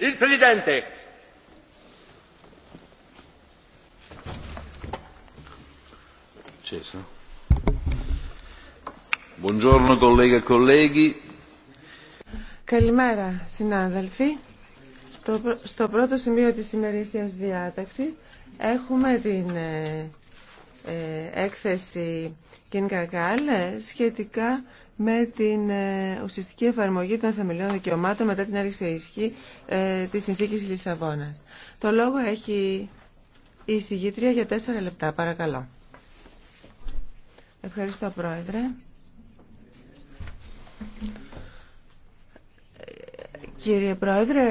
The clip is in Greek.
Il Presidente. Acceso. Buongiorno colleghe e colleghi. Καλημέρα συνάδελφοι. Στο πρώτο σημείο της ημερήσιας διάταξης έχουμε την ε, ε, έκθεση Κιν Κακάλ ε, σχετικά με την ε, ουσιαστική εφαρμογή των θεμελιών δικαιωμάτων μετά την αριστερή ισχύ ε, της Συνθήκης Λισαβόνας. Το λόγο έχει η συγγήτρια για τέσσερα λεπτά. Παρακαλώ. Ευχαριστώ, Πρόεδρε. Ε, κύριε Πρόεδρε,